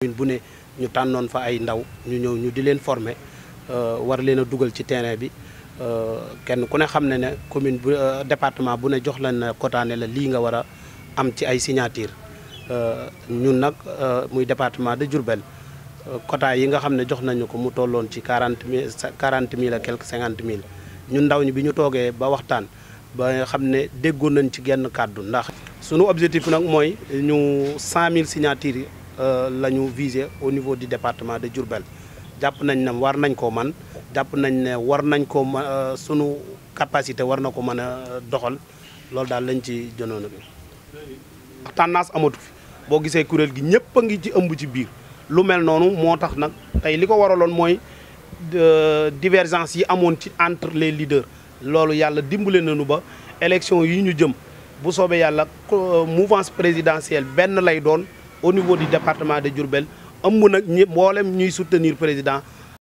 commune bu ne ñu tànnoon fa ay ndaw ñu ñëw ñu di leen former euh, war leen a dugal ci terrain bi euh, kenn ku ne xam ne ne commune bu euh, département bu ne jox leen quota ne la lii nga war am ci ay signature ñun nag muy département de Diourbel quota yi nga xam ne jox nañu ko mu tolloon ci quarante mille quarante mille ak quelque cinquante mille ñu ndaw ñi bi ñu toogee ba waxtaan ba xam ne déggoon nañ ci genn kàddu ndax. sunu objectif nag mooy ñu cent mille signatures Euh, la ñu visé au niveau du département de Diourbel jàpp nañ ne war nañ koo man jàpp nañ ne war nañ koo ma euh, sunu capacité war na ko mën a doxal loolu daal lañ ci jonoona bi tendance amatu fi boo gisee kuréel gi ñëpp a ngi ci ëmb ci biir lu mel noonu moo tax nag tey li ko waraloon mooy divergence yi amoon ci entre les leaders loolu yàlla dimbale nanu ba élection yi ñu jëm bu soobee yàlla euh, mouvance présidentielle benn lay doon au niveau du département de Diourbel ëmb nag ñi mboolem ñuy soutenir président